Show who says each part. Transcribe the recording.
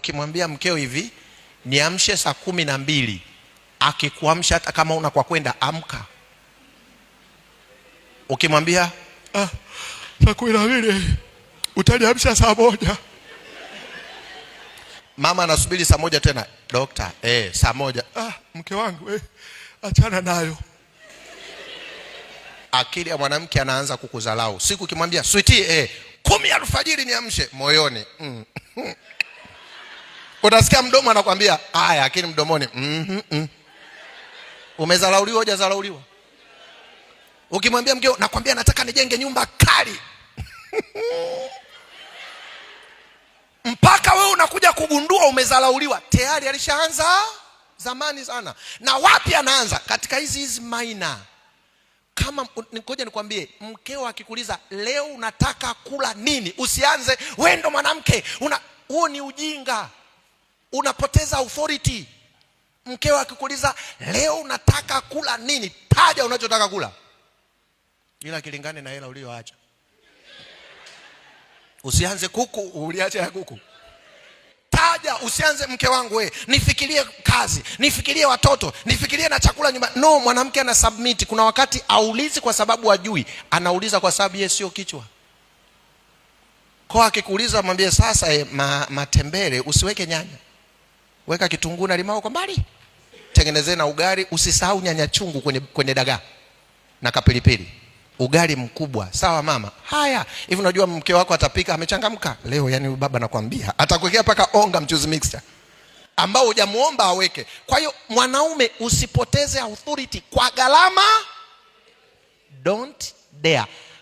Speaker 1: Ukimwambia mkeo hivi, niamshe saa kumi na mbili, akikuamsha hata kama una kwa kwenda, amka. Ukimwambia
Speaker 2: ah, saa kumi na mbili utaniamsha saa moja,
Speaker 1: mama anasubiri saa moja tena, dokta eh, saa moja.
Speaker 2: Ah, mke wangu eh, achana nayo.
Speaker 1: Akili ya mwanamke anaanza kukuzalau siku. Ukimwambia switi eh, kumi alfajiri niamshe, moyoni mm. Utasikia mdomo anakwambia haya, lakini mdomoni mm -hmm. Umezarauliwa, hujazarauliwa. Ukimwambia mkeo, nakwambia nataka nijenge nyumba kali mpaka wewe unakuja kugundua umezarauliwa. Tayari alishaanza zamani sana. Na wapi anaanza? Katika hizi hizi maina. Kama ngoja nikwambie, mkeo akikuuliza leo unataka kula nini, usianze wewe ndo mwanamke una, huo ni ujinga unapoteza authority Mkeo akikuuliza leo unataka kula nini taja unachotaka kula ila kilingane na hela uliyoacha usianze kuku uliacha ya kuku taja usianze mke wangu we nifikirie kazi nifikirie watoto nifikirie na chakula nyumba no mwanamke ana submit kuna wakati aulizi kwa sababu ajui anauliza kwa sababu yeye sio kichwa kwa akikuuliza mwambie sasa e, ma, matembele usiweke nyanya weka kitunguu na limao kwa mbali, tengenezee na ugali. Usisahau nyanya chungu kwenye, kwenye dagaa na kapilipili, ugali mkubwa. Sawa mama? Haya, hivi unajua mke wako atapika, amechangamka leo. Yani baba, nakwambia atakuwekea paka onga, mchuzi mixture ambao hujamuomba aweke. Kwa hiyo mwanaume, usipoteze authority kwa gharama, don't dare